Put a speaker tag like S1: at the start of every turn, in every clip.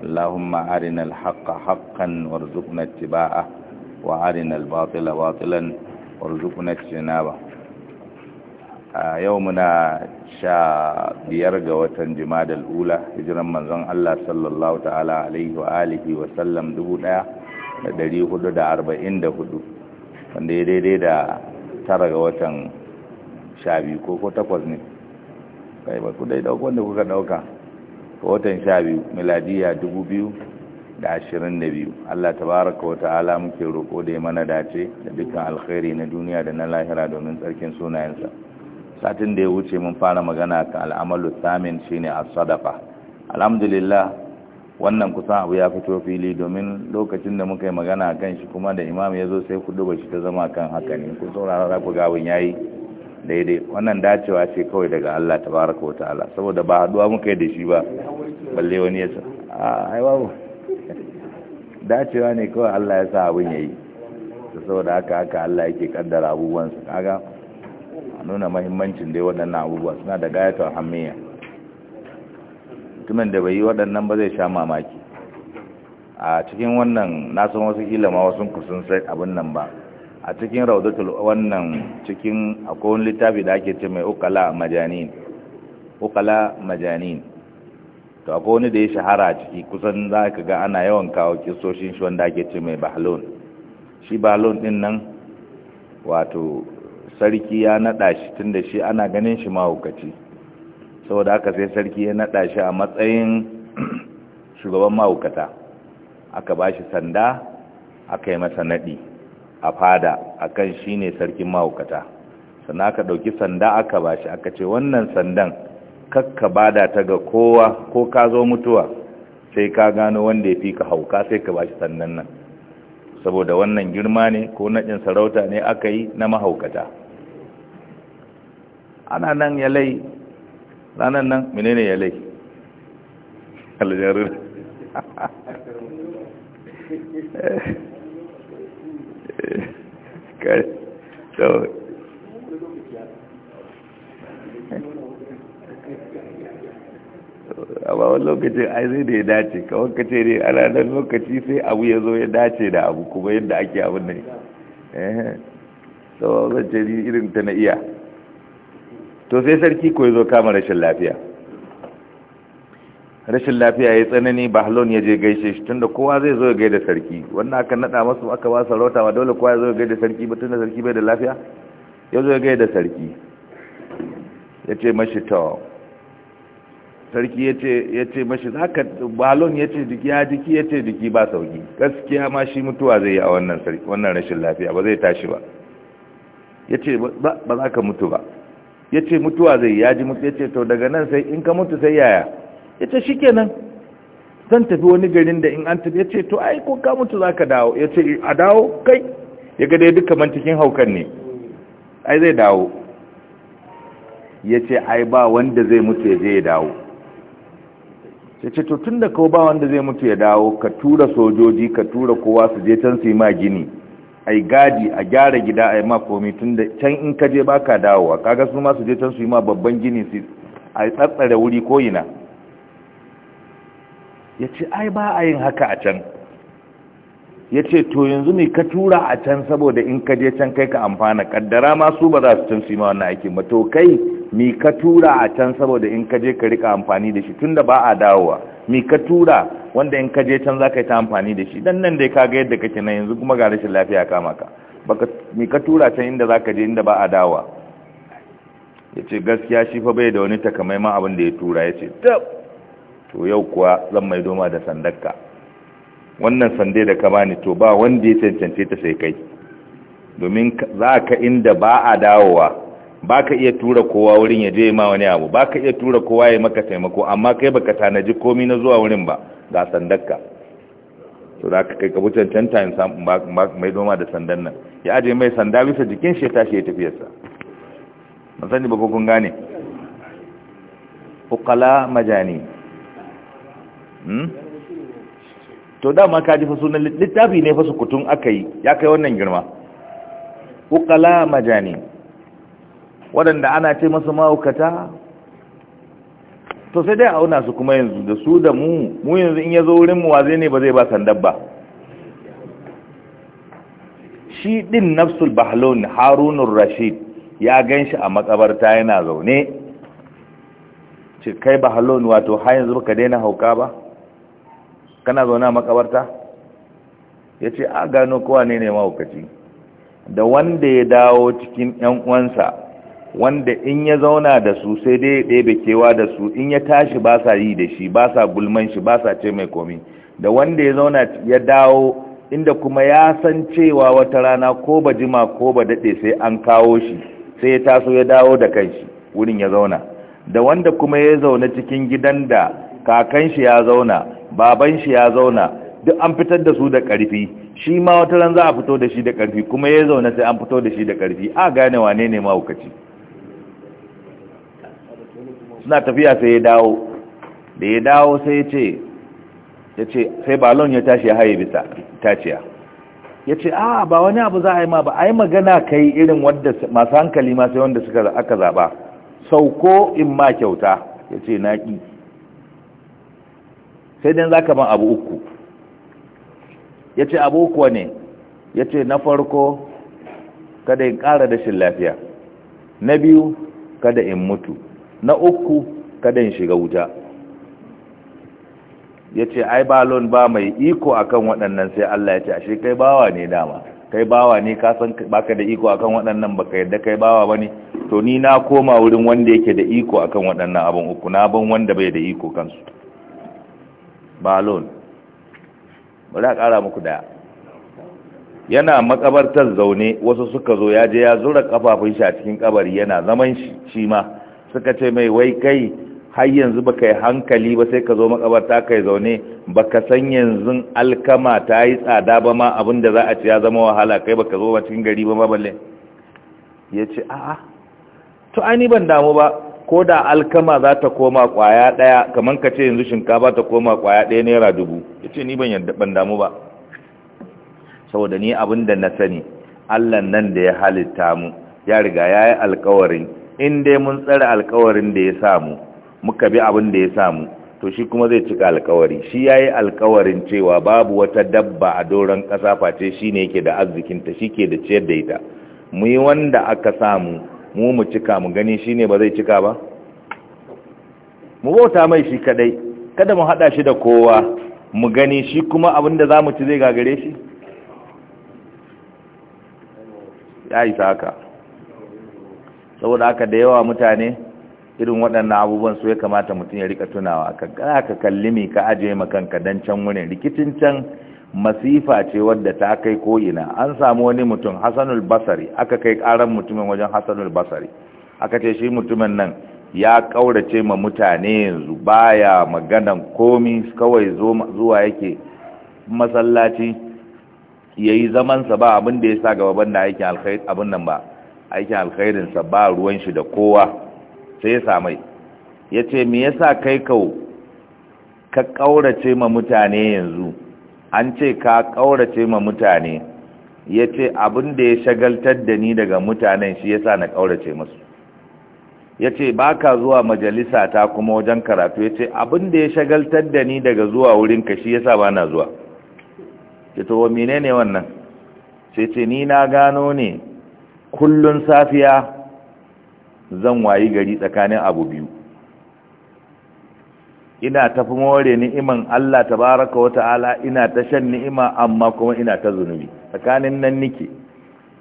S1: اللهم أرنا الحق حقا وارزقنا اتباعه وأرنا الباطل باطلا وارزقنا اجتنابه يومنا شا بيرغ وتنجماد الأولى هجرا من ظن الله صلى الله تعالى عليه وآله وسلم دبونا dari hudu دا arba'in دا hudu wanda دي دي da tara ga watan sha biyu ko ko takwas ne kai ba ku dai dauka wanda kuka dauka watan sha biyu miladiya dubu biyu da ashirin da biyu Allah tabaraka wata ta'ala muke roƙo da ya mana dace da dukkan alkhairi na duniya da na lahira domin tsarkin sunayensa satin da ya wuce mun fara magana ka al'amalu samin shi ne a sadafa alhamdulillah wannan kusan abu ya fito fili domin lokacin da muka yi magana kan shi kuma da imam ya zo sai ku duba shi ta zama kan haka ne ku saurara ku gawin yayi daidai wannan dacewa ce kawai daga Allah ta baraka wa ta'ala saboda ba haduwa muka yi da shi ba balle wani ya sa a haiwa babu dacewa ne kawai Allah ya sa abin ya yayi saboda haka haka Allah yake kaddara abubuwan su kaga a nuna mahimmancin dai waɗannan abubuwa suna da gayatar hamiya mutumin da bai yi waɗannan ba zai sha mamaki a cikin wannan na san wasu ilama wasu kusan sai abin nan ba a cikin raudatul wannan cikin akwai littafi da ake ce mai ukala majanin ukala majanin to akwai wani da ya shahara ciki kusan za ka ga ana yawan kawo kisoshin shi wanda ake ce mai bahalon shi bahalon din nan wato sarki ya naɗa shi tun shi ana ganin shi mahaukaci saboda aka sai sarki ya naɗa shi a matsayin shugaban mahaukata aka bashi sanda aka yi masa naɗi a fada a shi shine sarkin mahaukata sannan aka ɗauki sanda aka bashi aka ce wannan sandan kakka bada ta ga kowa ko ka zo mutuwa sai ka gano wanda ya fi ka hauka sai ka bashi sandan nan saboda wannan girma ne ko naɗin sarauta ne aka yi na mahaukata ana nan ya lai ranar nan menene ya lai aljarir Eh, amma wani lokacin ai zai da ya dace kawai ka ce ne ana nan lokaci sai abu ya zo ya dace da abu kuma yadda ake abin nan eh, ce ni irin ta na iya to sai sarki ko ya zo kama rashin lafiya rashin lafiya ya tsanani bahlon ya je gaishe shi tunda kowa zai zo ya gaida sarki wannan aka nada masu aka ba sarauta ba dole kowa ya zo ya gaida sarki ba tunda sarki bai da lafiya ya zo ya gaida sarki ya ce mashi to sarki ya ce mashi ka, bahlon ya ce jiki ya jiki ya ce jiki ba sauki gaskiya ma shi mutuwa zai yi a wannan rashin lafiya ba zai tashi ba ya ce ba za ka mutu ba ya ce mutuwa zai yi ya ji mutu ya ce to daga nan sai in ka mutu sai yaya ya ce shi kenan zan tafi wani garin da in an tafi ya ce to ai ko ka mutu za ka dawo ya ce a dawo kai ya ga dai duka mantikin haukan ne ai zai dawo ya ce ai ba wanda zai mutu ya je ya dawo ya ce to tun da kawo ba wanda zai mutu ya dawo ka tura sojoji ka tura kowa su je can su yi ma gini ai gadi a gyara gida a yi ma komi tun da can in ka je baka dawowa kaga su ma su je can su yi ma babban gini su a tsatsare wuri ko ina ya ce ai ba a yin haka a can ya ce to yanzu ne ka tura a can saboda in ka je can kai ka amfana kaddara ma su ba za su can su yi ma na aikin ba to kai mi ka tura a can saboda in ka je ka rika amfani da shi tunda ba a dawowa mi ka tura wanda in ka je can za ka yi ta amfani da shi dan nan dai ka ga yadda kake nan yanzu kuma ga rashin lafiya kama ka mi ka tura can inda za ka je inda ba a dawowa ya ce gaskiya shi fa bai da wani takamaiman abin da ya tura ya ce tab to yau kuwa zan mai doma da sandakka wannan sande da ka bani to ba wanda ya cancance ta sai kai domin za ka inda ba a dawowa ba ka iya tura kowa wurin ya je ma wani abu ba ka iya tura kowa ya maka taimako amma kai baka tanaji komi na zuwa wurin ba ga sandakka to za ka kai kabu cancanta in mai doma da sandan nan ya aje mai sanda bisa jikin shi ya tashi ya tafiyarsa masani ba kun gane ukala majani Hmm? to dama ka ji fa sunan littafi ne fa kutun aka yi ya kai wannan girma ukala majani waɗanda ana ce masa mahaukata to sai dai auna su kuma yanzu da su da mu mu yanzu in ya zo wurin waze ne ba zai ba sandar ba shi din nafsul bahlon harunun rashid ya ganshi a makabarta yana zaune ce kai bahlon wato har yanzu baka daina hauka ba kana zaune a makabarta ya ce a gano kowa ne ne mahaukaci da wanda ya dawo cikin 'yan uwansa wanda in ya zauna da su sai dai ya ɗebe kewa da su in ya tashi ba sa yi da shi ba sa gulman shi ba sa ce mai komi da wanda ya zauna ya dawo inda kuma ya san cewa wata rana ko ba jima ko ba daɗe sai an kawo shi sai ya taso ya dawo da kanshi wurin ya zauna da wanda kuma ya zauna cikin gidan da kakan shi ya zauna baban shi ya zauna duk an fitar da su da ƙarfi shi ma wata ran za a fito da shi da ƙarfi kuma ya zauna sai an fito da shi da ƙarfi a gane wane ne mahaukaci suna tafiya sai ya dawo da ya dawo sai ya ce ya ce sai balon ya tashi ya haye bisa taciya ya ce a ba wani abu za a yi ma ba a yi magana ka yi irin wadda masu hankali masu wanda suka aka zaba sauko in ma kyauta ya ce naƙi sai dan zaka ban abu uku yace abu uku ne yace na farko kada in ƙara dashin lafiya na biyu kada in mutu na uku kada in shiga wuta yace ai balon ba mai iko akan waɗannan sai Allah yace ashe kai bawa ne dama kai bawa ne ka san baka da iko akan waɗannan baka yadda kai bawa bane to ni na koma wurin wanda yake da iko akan waɗannan abun uku na ban wanda bai da iko kansu balon bari a kara muku daya yana makabartar zaune wasu suka zo ya je ya zura kafafun shi a cikin kabari yana zaman shi ma suka ce mai wai kai har yanzu baka yi hankali ba sai ka zo makabarta yi zaune baka san yanzu alkama ta yi tsada ba ma abin da za a ci ya zama wahala kai baka zo ba cikin gari ba ma balle ya ce a'a to ai ni ban damu ba ko da alkama za ta koma kwaya ɗaya kamar ka ce yanzu shinkafa ta koma kwaya ɗaya naira dubu ya ce ni ban damu ba saboda ni abin da na sani Allah nan da ya halitta mu ya riga ya yi alkawarin in dai mun tsare alkawarin da ya samu muka bi abin da ya samu to shi kuma zai cika alkawari shi ya yi alkawarin cewa babu wata dabba a doron kasa face shi ne yake da arzikinta shi ke da ciyar da ita mu yi wanda aka samu mu mu cika mu gani shine ba zai cika ba mu bauta mai shi kadai kada mu hada shi da kowa mu gani shi kuma abinda za mu ci zai gagare shi ya isa haka saboda haka da yawa mutane irin waɗannan abubuwan su ya kamata mutum ya rika tunawa ka ka kalli mi ka ajiye makanka don can wurin rikicin can masifa ce wadda ta kai ko'ina an samu wani mutum hassanul basari aka kai karan mutumin wajen hassanul basari aka ce shi mutumin nan ya kaurace ma mutane yanzu baya maganan komi kawai zuwa yake masallaci ya yi zamansa ba abin da ya sa gaba da aikin alkhairin abin nan ba aikin alkhairinsa ba ruwan shi da kowa sai ya samai ya ce me yasa kai kau ka kaurace ma mutane yanzu an ce ka ƙaurace ma mutane ya ce abin da ya shagaltar da ni daga mutanen shi ya sa na ƙaurace masu. ya ce ba ka zuwa majalisa ta kuma wajen karatu ya ce abin da ya shagaltar da ni daga zuwa wurinka shi ya sa ba na zuwa ya to mine ne wannan sai ce ni na gano ne kullun safiya zan wayi gari tsakanin abu biyu ina ta tafi more ni'iman Allah ta baraka wa ta'ala ina ta shan ni'ima amma kuma ina ta zunubi tsakanin nan nike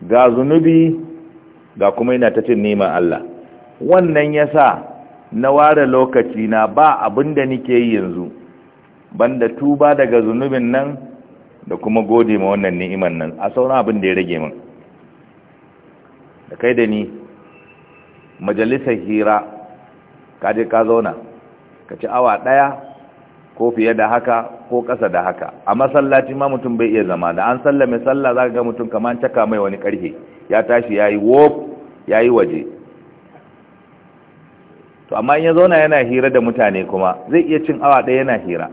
S1: ga zunubi ga kuma ina ta cin ni'iman Allah wannan yasa na ware lokaci na ba abin da nike yi yanzu banda tuba daga zunubin nan da kuma gode ma wannan ni'iman nan a sauran abin da ya rage min da kai da ni majalisar hira kaje ka zauna ka ci awa ɗaya ko fiye da haka ko ƙasa da haka a masallaci ma mutum bai iya zama da an sallame sallah za ga mutum kamar caka mai wani ƙarfe ya tashi ya yi wof ya yi waje to amma in ya zauna yana hira da mutane kuma zai iya cin awa ɗaya yana hira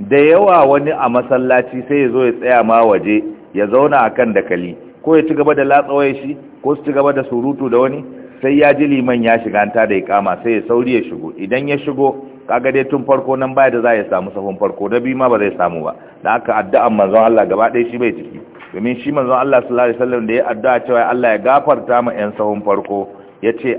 S1: da yawa wani a masallaci sai ya zo ya tsaya ma waje ya zauna a kan dakali ko ya ci gaba da latsawai shi ko su ci gaba da surutu da wani sai ya ji liman ya shiga ta da ikama sai ya sauri ya shigo idan ya shigo kaga dai tun farko nan baya da za ya samu safon farko da bi ma ba zai samu ba da aka addu'an manzon Allah gaba ɗaya shi bai ciki domin shi manzon Allah sallallahu alaihi wasallam da ya addu'a cewa Allah ya gafarta mu ƴan safon farko yace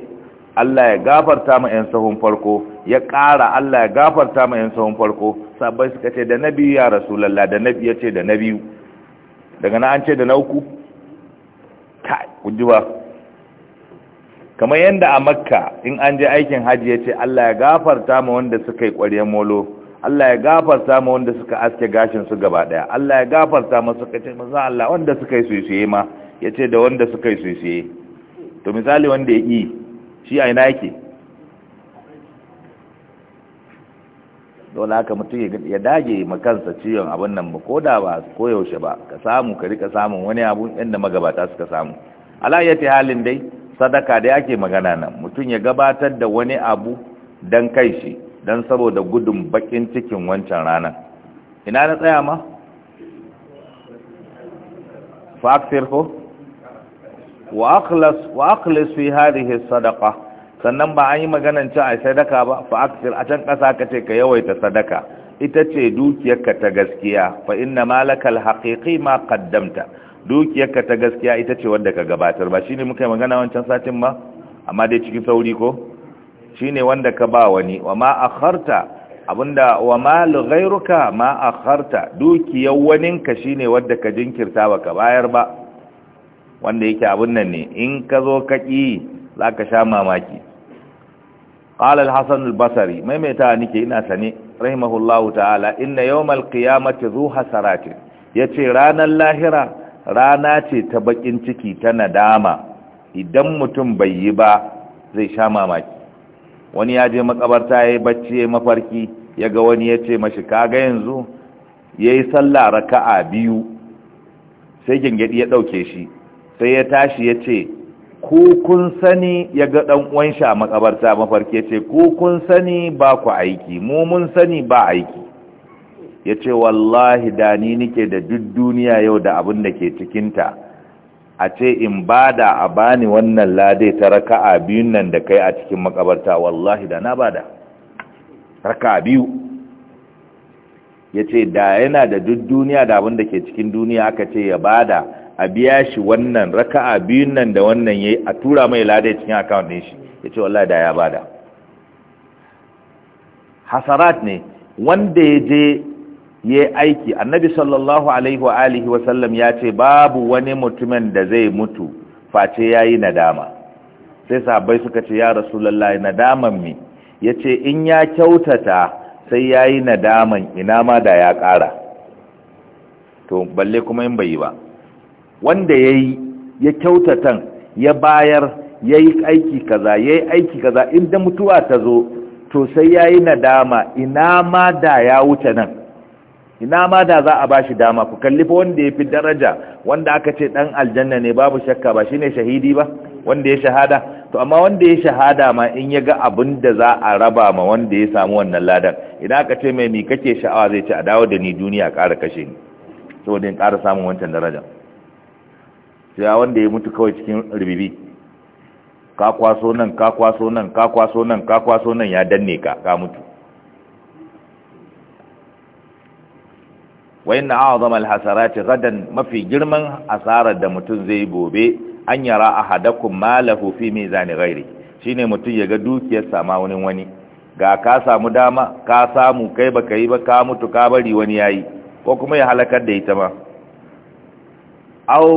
S1: Allah ya gafarta mu ƴan safon farko ya ƙara Allah ya gafarta mu ƴan safon farko sabai suka ce da nabi ya rasulullah da nabi yace da nabi daga na an ce da na uku kai kujiba kamar yadda a makka in an je aikin hajji ya ce allah ya gafarta ma wanda suka yi ƙwaryen molo allah ya gafarta ma wanda suka aske gashin su gaba ɗaya allah ya gafarta ma suka ce maza allah wanda suka yi suisiye ma ya ce da wanda suka yi suisiye to misali wanda ya yi shi a ina yake dole haka mutum ya dage makansa ciwon abin nan ba ko da ba koyaushe ba ka samu ka rika samun wani abu inda magabata suka samu ala alayyati halin dai sadaka da yake magana nan mutum ya gabatar da wani abu don kai shi don saboda gudun bakin cikin wancan ranar ina na tsaya ma? fa'aksir ko? wa fi hadhihi sadaqa sannan ba an yi maganan ci a sadaka ba fa aksir a can kasa ka ce ka yawaita sadaka ita ce dukiyarka ta gaskiya fa inna malakal haqiqi ma qaddamta dukiyarka ta gaskiya ita ce wanda ka gabatar ba shine muka yi magana wancan satin ba amma dai cikin sauri ko shine wanda ka ba wani wa ma harta abinda wa ma ma harta dukiyar waninka shine wanda ka jinkirta ba ka bayar ba wanda yake abin nan ne in ka zo ka ki ka sha mamaki qala Hassan hasan al-basri nike ina sane rahimahullahu ta'ala inna mace qiyamati saratin ya yace ranar lahira rana ce ta bakin ciki ta nadama idan mutum bai yi ba zai sha mamaki wani ya je makabarta ya yi bacci ya mafarki ya ga wani ya ce mashi kaga yanzu ya yi sallah raka'a biyu sai gingadi ya ɗauke shi sai ya tashi ya ce ku kun sani ya ga ɗan uwan makabarta mafarki ya ce ku kun sani ba ku aiki mu mun sani ba aiki ya ce wallahi da ni nike da duk duniya yau da abin da ke cikinta a ce in ba da a bani wannan lade ta raka'a biyun nan da kai a cikin makabarta wallahi da na bada raka'a biyu ya ce da yana da duk duniya da abin da ke cikin duniya aka ce ya bada a biya shi wannan raka'a biyun nan da wannan ya a tura mai lade cikin akawun ɗin shi ya ce wallahi da ya bada hasarat ne wanda ya je yayi aiki annabi sallallahu alaihi wa alihi wa sallam ya ce babu wani mutumin da zai mutu face yayi nadama sai sahabbai suka ce ya rasulullahi nadaman Ya yace in ya kyautata sai yayi nadaman ina ma da ya ƙara to balle kuma in bai ba wanda yayi ya kyautatan ya bayar yayi aiki kaza yayi aiki kaza inda mutuwa ta zo to sai yayi nadama ina ma da ya wuce nan ina ma da za a ba shi dama ku kalli fa wanda fi daraja wanda aka ce dan aljanna ne babu shakka ba shine shahidi ba wanda ya shahada to amma wanda ya shahada ma in ya ga abin da za a raba ma wanda ya samu wannan ladan idan aka ce mai mi kake sha'awa zai ce a dawo da ni duniya ƙara kashe ni saboda in ƙara samun wancan daraja sai ya wanda ya mutu kawai cikin ribibi ka kwaso nan ka kwaso nan ka kwaso nan ka kwaso nan ya danne ka ka mutu wa inna a'zama al-hasarati gadan mafi girman asarar da mutum zai gobe an yara ahadakum malahu fi mizani ghairi shine mutum ya ga dukiyar ma wani wani ga ka samu dama ka samu kai baka yi ba ka mutu ka bari wani yayi ko kuma ya halakar da ita ma aw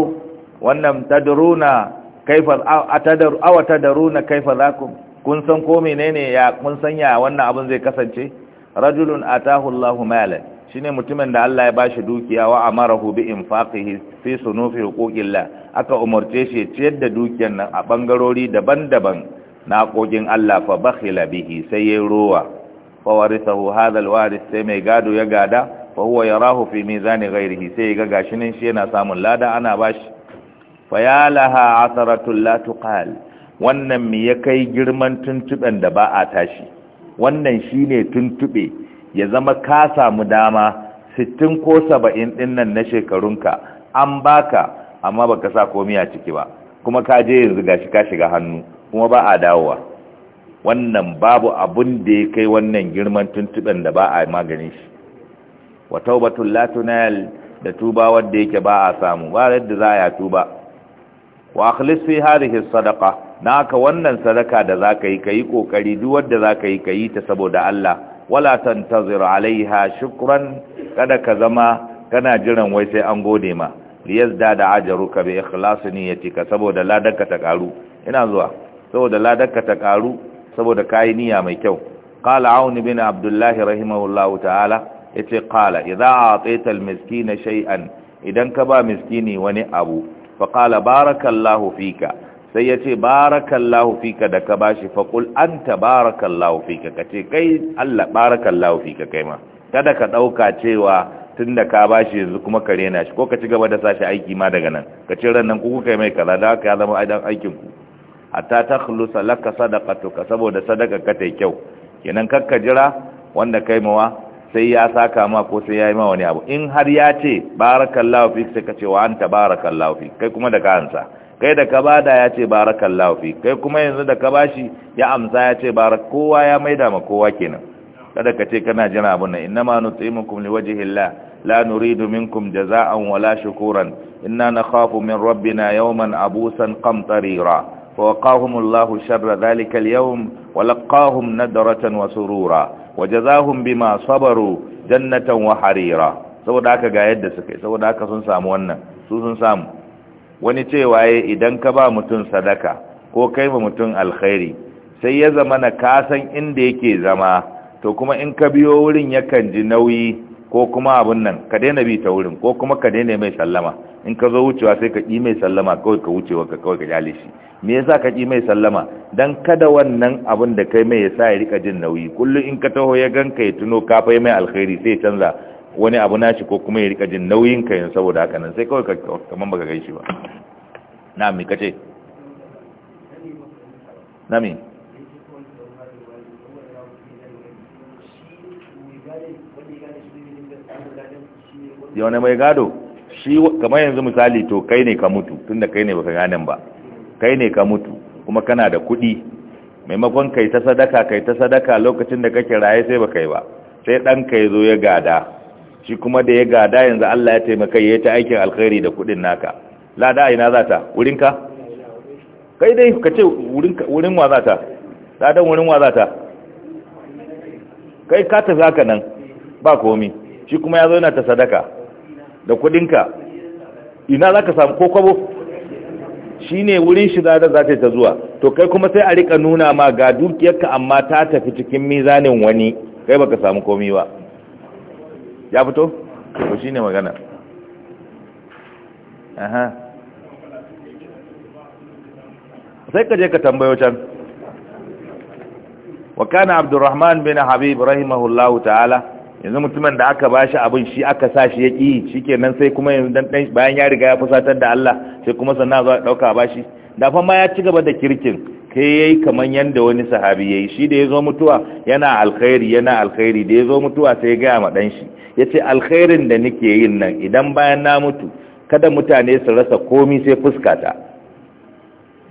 S1: wannan tadruna kaifa atadru aw tadruna kaifa zakum kun san ko menene ya kun san ya wannan abin zai kasance rajulun atahu Allahu malan shine mutumin da Allah ya ba bashi dukiya wa amarahu bi infaqihi fi sunufi huquqillah aka umarce shi ya ciyar da dukiyar nan a bangarori daban-daban na ƙoƙin Allah fa bakhila bihi sai ya ruwa. fa warisahu hadha alwaris sai mai gado ya gada fa huwa yarahu fi mizani ghairihi sai ya ga shi yana samun lada ana bashi fa ya laha asaratul la tuqal wannan me ya kai girman tuntuɓen da ba a tashi wannan shine tuntuɓe. ya zama ka samu dama sittin ko saba'in dinnan na shekarunka an baka amma baka sa komai a ciki ba kuma ka je yanzu gashi ka shiga hannu kuma ba a dawowa wannan babu abun da ya kai wannan girman tuntuɓen da ba a maganin shi wa taubatul latunal da tuba wanda yake ba a samu ba yadda za a yi tuba wa akhlisi hadhihi sadaqa naka wannan sadaka da zaka yi kai kokari duk wanda zaka yi kai ta saboda Allah wala tantazir alaiha shukran kada ka zama kana jiran wai sai an gode ma liyazdada ajruka bi ikhlasi niyyatika saboda ladanka ta karu ina zuwa saboda ladanka ta karu saboda kai niyya mai kyau qala auni bin abdullah rahimahullahu ta'ala yace qala idza ataita miskina shay'an idan ka ba miskini wani abu fa qala barakallahu fika sai ya ce barakallahu fika da ka bashi faƙul an ta barakallahu fika ka ce kai Allah barakallahu fika kai ma kada ka ɗauka cewa tun da ka bashi yanzu kuma ka rena shi ko ka ci gaba da sashi aiki ma daga nan ka ce ran nan ku kai mai kaza da haka ya zama aidan aikin ku hatta ta khulusa laka ka saboda sadaka ka ta kyau kenan ka jira wanda kai mawa sai ya saka ma ko sai ya yi ma wani abu in har ya ce barakallahu lahufi sai ka ce wa anta barakallahu fik kai kuma da ka ansa kai da ka bada ya ce barakallahu fi kai kuma yanzu da ka bashi ya amsa ya ce barak kowa ya maida ma kowa kenan kada ka ce kana jira abun nan innama nutimukum liwajhillah la nuridu minkum jaza'an wala shukuran inna nakhafu min rabbina yawman abusan qamtarira fawaqahumullahu sharra dhalika alyawm walaqahum nadratan wa surura wajazahum bima sabaru jannatan wa harira saboda haka ga yadda suka saboda haka sun samu wannan su sun samu wani cewa ya idan ka ba mutum sadaka ko kai ba mutum alkhairi sai ya zama na kasan inda yake zama to kuma in ka biyo wurin yakan ji nauyi ko kuma abun nan ka daina bi ta wurin ko kuma ka daina mai sallama in ka zo wucewa sai ka ƙi mai sallama kawai ka wucewa ka kawai ka jale shi me yasa ka ki mai sallama dan kada wannan abun da kai mai yasa ya rika jin nauyi kullum in ka taho ya ganka ya tuno ka fai mai alkhairi sai canza wani abu nashi ko kuma ya rika jin nauyin ka yin saboda haka nan sai kawai kaman baka gaishe ba na mi kace na mi yau ne mai gado shi kamar yanzu misali to kai ne ka mutu tunda kai ne baka ganin ba kai ne ka mutu kuma kana da kuɗi maimakon kai ta sadaka kai ta sadaka lokacin da kake raye sai baka yi ba sai ka ya zo ya gada shi kuma da ya gada yanzu Allah ya taimaka ya ta aikin alkhairi da kudin naka lada ina za ta wurinka kai dai ka ce wurin wa za ta ladan wurin wa za ta kai ka tafi haka nan ba komi shi kuma ya zo yana ta sadaka da kudinka ina za ka samu kokwabo shi ne wurin shi da za ta zuwa to kai kuma sai a rika nuna ma ga dukiyarka amma ta tafi cikin mizanin wani kai baka samu komi ba ya fito ko shine magana aha sai ka je ka tambayo can wa kana abdurrahman bin habib rahimahullahu ta'ala yanzu mutumin da aka bashi abin shi aka sa shi ya ƙi shikenan sai kuma yanzu dan bayan ya riga ya fusatar da Allah sai kuma sannan za dauka bashi da fa ma ya ci gaba da kirkin kai yayi kaman yanda wani sahabi yayi shi da yazo mutuwa yana alkhairi yana alkhairi da yazo mutuwa sai ya ga ma dan shi ya ce alkhairin da nake yin nan idan bayan na mutu kada mutane su rasa komi sai fuskata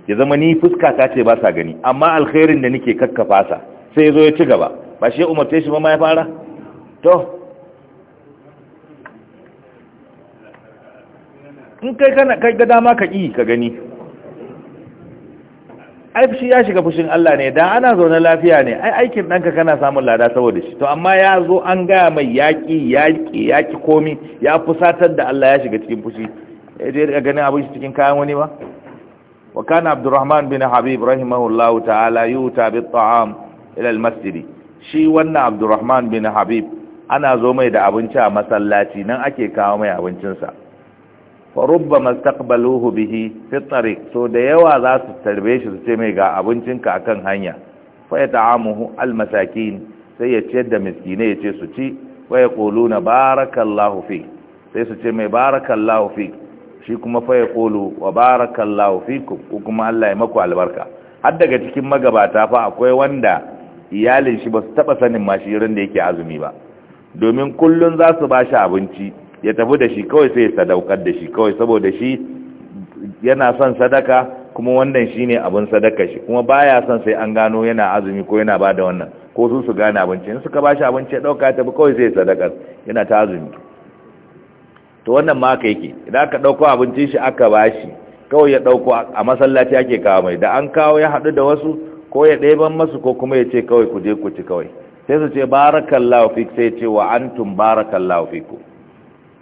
S1: ya zama ni fuskata ce ba sa gani amma alkhairin da nake kakkafa sa sai zo ya ci gaba ba shi umarce shi ba ma ya fara to in kai kana kai ga dama ka yi ka gani ai shi ya shiga fushin Allah ne da ana zaune lafiya ne ai aikin ɗanka kana samun lada saboda shi to amma ya zo an gaya mai yaƙi yaƙi yaƙi komi ya fusatar da Allah ya shiga cikin fushi ya je daga ganin abin shi cikin kayan wani ba wa kana abdurrahman bin habib rahimahullahu ta'ala yuta bi ta'am ila al-masjid shi wannan abdurrahman bin habib ana zo mai da abinci a masallaci nan ake kawo mai abincinsa farubba mastaqbaluhu bihi fi tariq so da yawa za su tarbe shi su ce mai ga abincinka akan hanya fa yata'amuhu almasakin sai ya ce da miskinai ya ce su ci wa na barakallahu fi sai su ce mai barakallahu fi shi kuma fa yaqulu wa barakallahu fikum ko kuma Allah ya maku albarka har daga cikin magabata fa akwai wanda iyalin shi ba su taba sanin mashirin da yake azumi ba domin kullum za su ba shi abinci ya tafi da shi kawai sai ya sadaukar da shi kawai saboda shi yana son sadaka kuma wannan shine abin sadaka shi kuma baya son sai an gano yana azumi ko yana bada wannan ko su su gane abinci in suka bashi abinci ya dauka ya tafi kawai sai ya sadaka yana ta azumi to wannan ma ka yake idan aka dauko abincin shi aka bashi kawai ya dauko a masallaci ake kawo mai da an kawo ya hadu da wasu ko ya ɗeban masu ko kuma ya ce kawai ku je ku ci kawai sai su ce barakallahu fik sai ce wa antum barakallahu fikum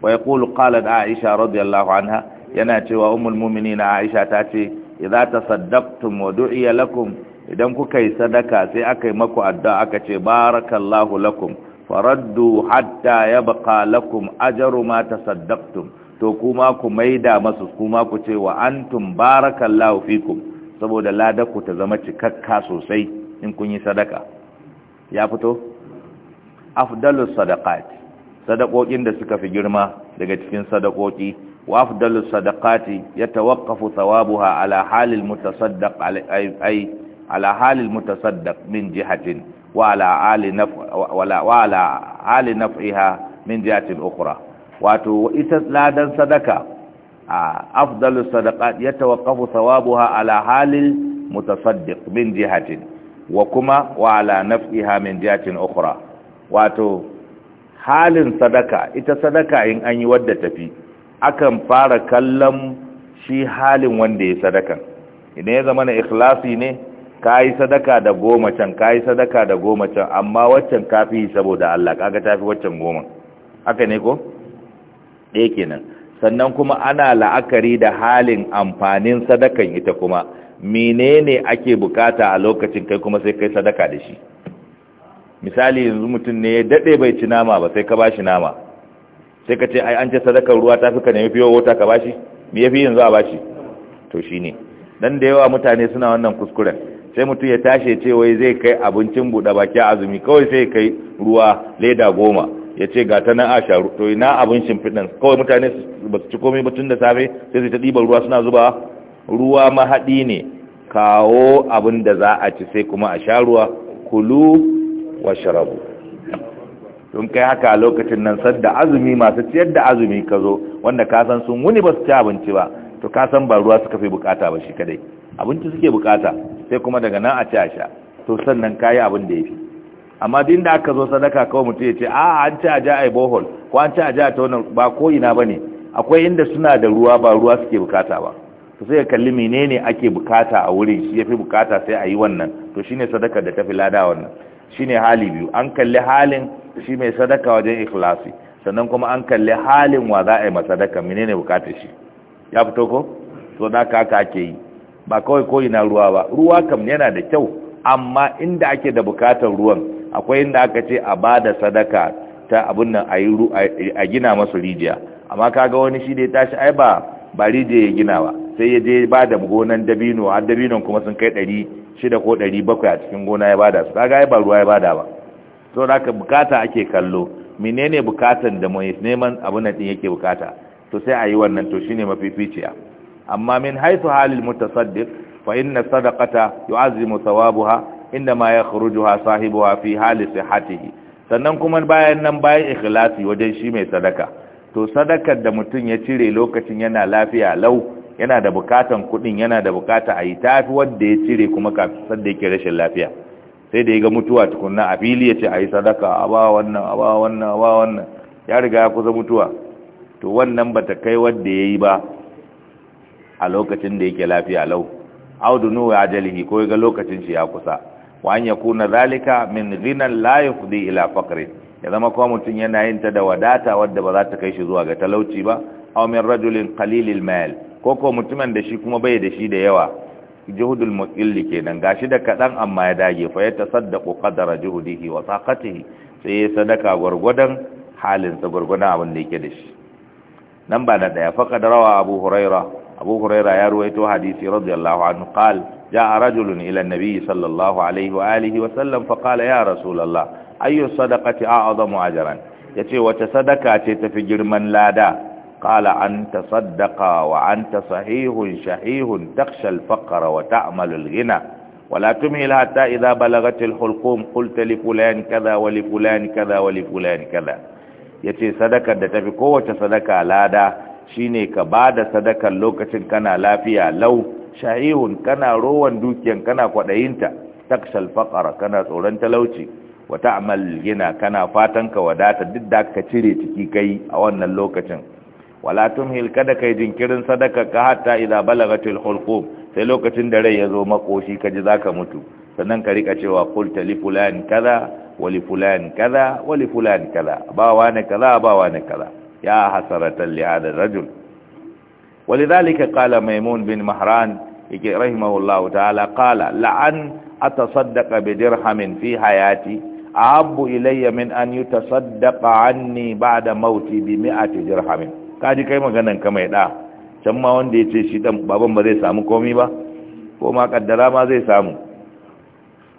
S1: Wai yaqulu aisha radiyallahu anha yana cewa ummul mu'minina aisha ta ce idza tasaddaqtum wa du'iya lakum idan kuka yi sadaka sai aka yi maku addu'a aka ce barakallahu lakum faraddu hatta yabqa lakum ajru ma tasaddaqtum to kuma ku maida masu kuma ku ce wa antum barakallahu fikum saboda ladar ku ta zama cikakka sosai in kun yi sadaka ya fito afdalus sadaqat sadakokin da suka fi girma daga cikin sadakoki wa afdalus sadaqati yatawaqqafu thawabuha ala halil mutasaddaq ay ala halil mutasaddaq min jihatin wa ala ali naf wa ala ali naf'iha min jihatin ukhra wato ita ladan sadaka A afdalus sadaqat yatawaqqafu thawabuha ala halil mutasaddiq min jihatin wa kuma wa ala naf'iha min jihatin ukhra wato halin sadaka ita sadaka in an yi wadda tafi akan fara kallon shi halin wanda ya sadaka idan ya zama na ikhlasi ne ka yi sadaka da goma can ka yi sadaka da goma can amma waccan ka fi saboda Allah kaga tafi waccan goma haka ne ko ɗaya kenan sannan kuma ana la'akari da halin amfanin sadakan ita kuma menene ake bukata a lokacin kai kuma sai kai sadaka da shi misali yanzu mutum ne ya daɗe bai ci nama ba sai ka ba shi nama sai ka ce ai an ce sadakar ruwa ta fi ka nemi fiye wata ka ba shi ya fi yanzu a ba shi to shi ne don da yawa mutane suna wannan kuskuren sai mutum ya tashi ce wai zai kai abincin buɗe baki azumi kawai sai kai ruwa leda goma ya ce ga ta na a sharu to ina abin shimfiɗin kawai mutane ba su ci komai ba tun da safe sai su ta ɗiban ruwa suna zuba ruwa mahaɗi ne kawo abin da za a ci sai kuma a sha ruwa kulu washrabu don kai haka a lokacin nan sadda azumi masu ciyar da azumi ka zo wanda ka san sun wuni ba su ci abinci ba to ka san ba ruwa suka fi bukata ba shi kadai abinci suke bukata sai kuma daga nan a ci a sha to sannan ka yi abin da ya fi amma din da aka zo sadaka kawai mutum ya ce a an ci a ja a yi bohol ko an ci a ja ta wannan ba ko ina ba ne akwai inda suna da ruwa ba ruwa suke bukata ba to sai ka kalli menene ake bukata a wurin shi ya fi bukata sai a yi wannan to shine sadakar da ta tafi lada wannan shine hali biyu an kalli halin shi mai sadaka wajen ikhlasi sannan kuma an kalli halin wa za a yi masadaka menene bukatar shi ya fito ko to da ka haka ake yi ba kawai ko ina ruwa ba ruwa kam yana da kyau amma inda ake da bukatar ruwan akwai inda aka ce a ba da sadaka ta abin nan a gina masu rijiya amma kaga wani shi da ya tashi ai ba ba rijiya ya gina ba sai ya je ba da gonan dabino har dabinon kuma sun kai ɗari shida ko ɗari bakwai a cikin gona ya bada su kaga ya ba ruwa ya bada ba to da ka bukata ake kallo menene bukatan da mai neman abin da yake bukata to sai a yi wannan to shine mafificiya amma min haythu halil mutasaddiq fa inna sadaqata yu'azzimu thawabaha inda ma yakhrujuha sahibuha fi hali sihhatihi sannan kuma bayan nan bayan ikhlasi wajen shi mai sadaka to sadakar da mutum ya cire lokacin yana lafiya lau yana da bukatan kudin yana da bukata a yi tafi wadda ya cire kuma kafin sadda yake rashin lafiya sai da ya ga mutuwa tukunna a fili ya ce a yi sadaka a ba wannan a ba wannan a ba wannan ya riga ya kusa mutuwa to wannan ba ta kai wadda ya yi ba a lokacin da yake lafiya lau audu nuwa jalihi ko ga lokacin shi ya kusa wa an kuna zalika min ghinan la yufdi ila faqri ya zama kuma mutum yana yin ta da wadata wadda ba za ta kai shi zuwa ga talauci ba aw min rajulin qalilil mal ko ko mutumin da shi kuma bai da shi da yawa juhudul muqilli kenan gashi da kadan amma ya dage fa ya tasaddaqu qadara juhudihi wa saqatihi sai ya sadaka gurgudan halin sa gurgudan abin da yake da shi nan ba da daya fa kadarawa abu huraira abu huraira ya ruwaito hadisi radiyallahu anhu qal jaa rajulun ila an-nabi sallallahu alaihi wa alihi wa sallam fa qala ya rasulullah ayyu sadaqati a'zamu ajran yace wace sadaka ce tafi girman lada قال أنت صدق وأنت صحيح شحيح تخشى الفقر وتعمل الغنى ولا تميل حتى إذا بلغت الحلقوم قلت لفلان كذا ولفلان كذا ولفلان كذا يتي صدقة دتفي قوة صدقة لا دا شيني كبادة صدقة لوكة كنا لا فيها لو شحيح كنا روا دوكيا كنا قدينتا تخشى الفقر كنا تورنت لوشي وتعمل الغنى كنا فاتنك وداتا ددك تشيري تكيكي أولنا لوكة تشيري wala tumhil kada kai jinkirin sadaka ka hatta idza balagatil hulqum sai lokacin da rai ya zo makoshi ka ji zaka mutu sannan ka rika cewa qulta li fulan kaza wa li fulan kaza wa li fulan kaza ba wani kaza ba wani kaza ya hasaratan li hadha rajul walidhalika qala maymun bin mahran yake rahimahullahu ta'ala qala la'an atasaddaqa bi dirhamin fi hayati ahabbu ilayya min an yutasaddaqa anni ba'da mauti bi mi'ati dirhamin Kaji kai maganan ka mai da can ma wanda ya ce shi dan baban ba zai samu komi ba ko ma kaddara ma zai samu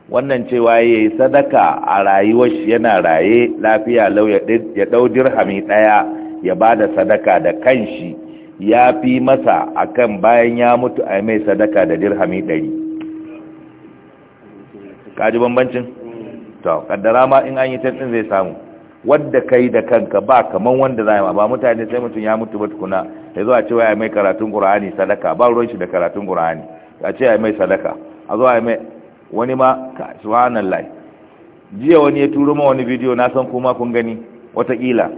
S1: wannan cewa ya yi sadaka a rayuwar shi yana raye lafiya lau ya dau dirhami ɗaya ya bada sadaka da kanshi ya fi masa akan bayan ya mutu a mai sadaka da dirhami ɗari kaji bambancin to kaddara ma in an yi tantin zai samu wadda kai da kanka ba kaman wanda zai ma ba mutane sai mutum ya mutu ba tukuna ya zo a ce wai mai karatun qur'ani sadaka ba ruwan shi da karatun qur'ani a ce ai mai sadaka a zo ai mai wani ma subhanallahi jiya wani ya turo ma wani bidiyo na san kuma kun gani watakila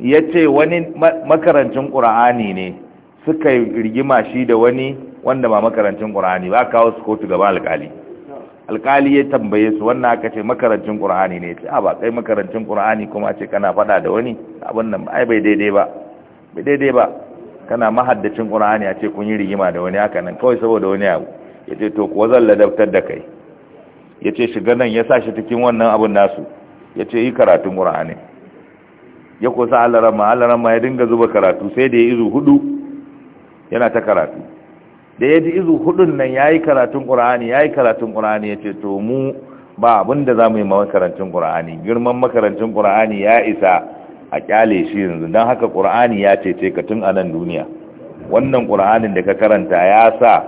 S1: ya ce wani makarancin qur'ani ne suka rigima shi da wani wanda ba makarancin qur'ani ba kawo su kotu gaba alƙali alkali ya tambaye su wannan aka ce makarancin ƙur'ani ne ce a ba kai makarancin ƙur'ani kuma ce kana faɗa da wani abin nan ai bai daidai ba bai daidai ba kana mahaddacin ƙur'ani a ce kun yi rigima da wani haka nan kawai saboda wani abu ce to kuwa zan ladabtar da kai ya ce shiga nan ya sa shi cikin wannan abun nasu ya ce yi karatun ƙur'ani ya kusa alarama alarama ya dinga zuba karatu sai da ya izu hudu yana ta karatu da ya ji izu hudun nan ya yi karatun ƙura'ani ya yi karatun ƙura'ani ya ce to mu ba abin da za mu yi makarantun ƙura'ani girman makarantun ƙura'ani ya isa a ƙyale shi yanzu don haka ƙura'ani ya cece ka tun a nan duniya wannan ƙura'anin da ka karanta ya sa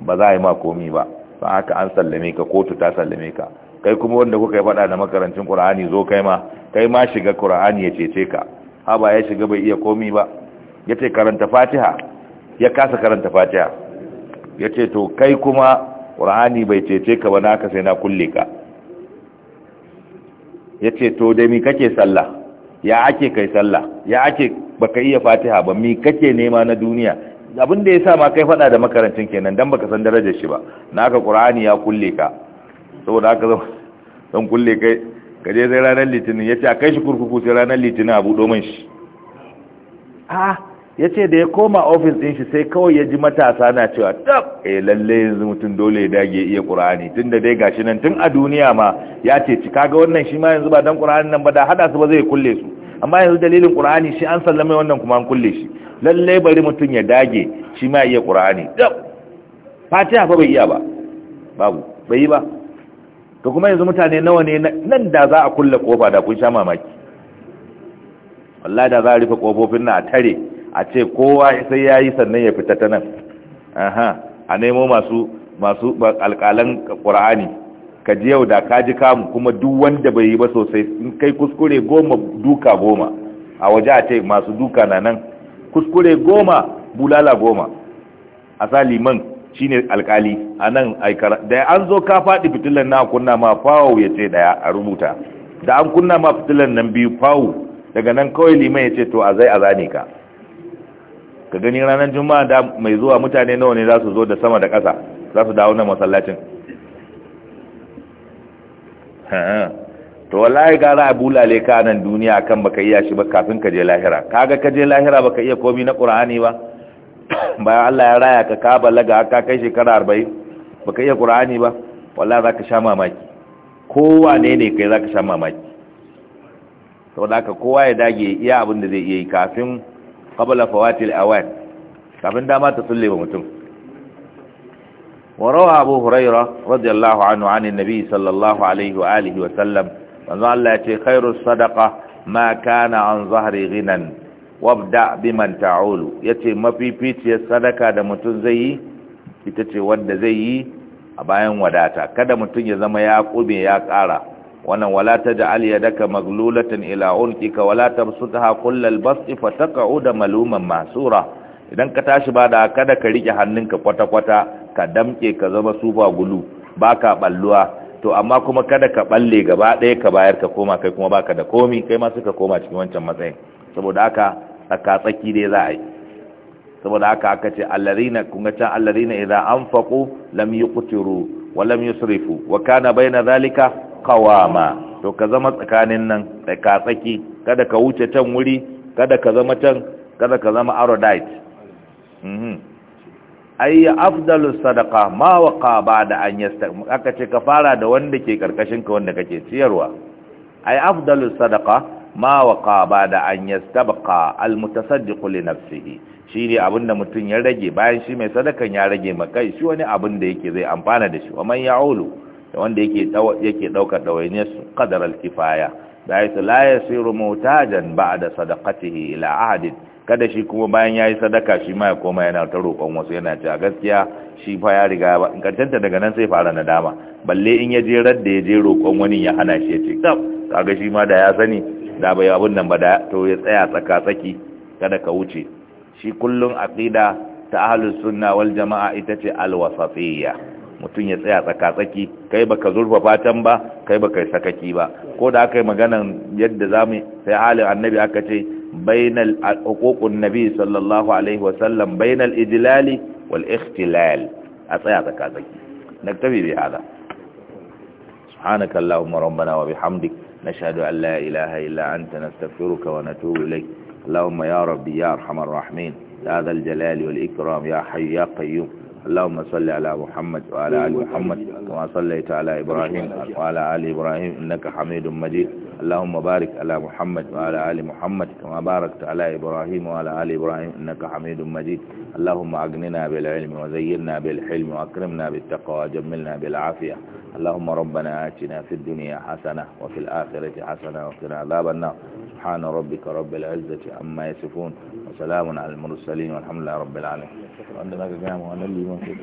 S1: ba za a yi ma komi ba don haka an sallame ka kotu ta sallame ka kai kuma wanda kuka yi faɗa da makarantun ƙura'ani zo kai ma kai ma shiga ƙura'ani ya cece ka ha ba ya shiga bai iya komi ba ya ce karanta fatiha ya kasa karanta fatiha ya ce to kai kuma ƙur'ani bai cece ka ba naka sai na kulle ka ya ce to da mi kake sallah ya ake kai sallah ya ake baka iya fatiha ba mi kake nema na duniya abin da ya sa ma kai faɗa da makarancin kenan dan baka san darajar shi ba naka ƙur'ani ya kulle ka saboda haka zan kulle kai kaje sai ranar litinin ya ce a kai shi kurkuku sai ranar litinin a buɗo man shi ah! ya ce da ya koma ofis ɗin shi sai kawai ya ji matasa na cewa tab e lalle yanzu mutum dole ya dage iya ƙur'ani tun da dai gashi nan tun a duniya ma ya ce ci kaga wannan shi ma yanzu ba dan ƙur'ani nan ba da haɗa su ba zai kulle su amma yanzu dalilin ƙur'ani shi an sallame wannan kuma an kulle shi lalle bari mutum ya dage shi ma iya ƙur'ani tab fatiha fa bai iya ba babu bai yi ba to kuma yanzu mutane nawa ne nan da za a kulle kofa da kun sha mamaki wallahi da za a rufe kofofin na a tare a ce kowa sai ya yi sannan ya fita ta nan a nemo masu masu alƙalan ƙur'ani ka ji yau da ka ji kamu kuma duk wanda bai yi ba sosai in kai kuskure goma duka goma a waje a ce masu duka na nan kuskure goma bulala goma a sa liman shine alkali a nan aikara da an zo ka faɗi fitilan na kunna ma fawo ya ce daya a rubuta da an kunna ma fitilan nan biyu fawo daga nan kawai liman ya ce to a zai a zane ka ka gani ranar juma'a da mai zuwa mutane nawa ne za su zo da sama da ƙasa za su dawo na masallacin to wallahi gara a bulale ka nan duniya kan baka iya shi ba kafin ka je lahira kaga ka je lahira baka iya komi na qur'ani ba bayan Allah ya raya ka ka balaga ka kai shekara 40 baka iya qur'ani ba wallahi zaka sha mamaki kowa ne ne kai zaka sha mamaki to da haka kowa ya dage iya abin da zai iya yi kafin qabla fawatil awan kafin dama ta tsulle ba mutum وروى أبو هريرة رضي الله عنه عن النبي صلى الله عليه وآله وسلم وانظر الله خير الصدقة ما كان عن ظهر غنى وابدع بمن تعول يتي ما في بيتي الصدقة دا متن زي يتي ود زي أباين وداتا كدا متن يزم يا قوبي يا قارا wannan wala taj'al yadaka maglulatan ila unkika wala ifa kullal basti fataq'uda maluman masura idan ka tashi ba da kada ka rike hannunka kwata-kwata ka damke ka zama sufa gulu baka balluwa to amma kuma kada ka balle gaba ɗaya ka bayar ka koma kai kuma baka da komi kai ma suka koma cikin wancan matsayin saboda haka tsaka tsaki dai za a yi saboda haka aka ce allarina kun ga can allarina idan anfaqu lam yuqtiru wa lam yusrifu wa kana na zalika qawama to ka zama tsakanin nan ka tsaki kada ka wuce can wuri kada ka zama can kada ka zama arodite mhm ay afdalu sadaqa ma waqa ba'da an yastaqim aka ce ka fara da wanda ke karkashin ka wanda kake ciyarwa ay afdalu sadaqa ma waqa ba'da an yastabqa al mutasaddiq li nafsihi ne abinda mutum ya rage bayan shi mai sadakan ya rage makai shi wani abin da yake zai amfana da shi wa man ya'ulu da wanda yake yake daukar dawainiyar su qadar al-kifaya baitu la yasiru mutajan ba'da sadaqatihi ila ahadin kada shi kuma bayan yayi sadaka shi ma ya koma yana ta roƙon wasu yana cewa gaskiya shi fa ya riga ba in kantanta daga nan sai fara nadama balle in ya je radda ya je roƙon wani ya hana shi ya ce kaga shi ma da ya sani da bai abun nan ba da to ya tsaya tsaka tsaki kada ka wuce shi kullun aqida ta ahlus sunna wal jamaa ita ce al wasafiyya mutum ya tsaya tsakatsaki kai baka zurfa fatan ba kai baka sakaki ba ko da aka yi maganan yadda za mu sai halin annabi aka ce bainal hukukun nabi sallallahu alaihi wasallam bainal ijlali wal ikhtilal a tsaya tsakatsaki tabi bi hada subhanaka allahumma rabbana wa bihamdik nashhadu an la ilaha illa anta nastaghfiruka wa natubu ilayk اللهم يا ربي يا ارحم الراحمين هذا الجلال والاكرام يا حي يا قيوم اللهم صل على محمد وعلى آل محمد كما صليت على إبراهيم وعلى آل إبراهيم إنك حميد مجيد اللهم بارك على محمد وعلى آل محمد كما باركت على إبراهيم وعلى آل إبراهيم إنك حميد مجيد اللهم أغننا بالعلم وزينا بالحلم وأكرمنا بالتقوى وجملنا بالعافية اللهم ربنا آتنا في الدنيا حسنة وفي الآخرة حسنة وقنا عذاب النار سبحان ربك رب العزة عما يصفون وسلام على المرسلين والحمد لله رب العالمين an da za ka gaya ma wannan liman sai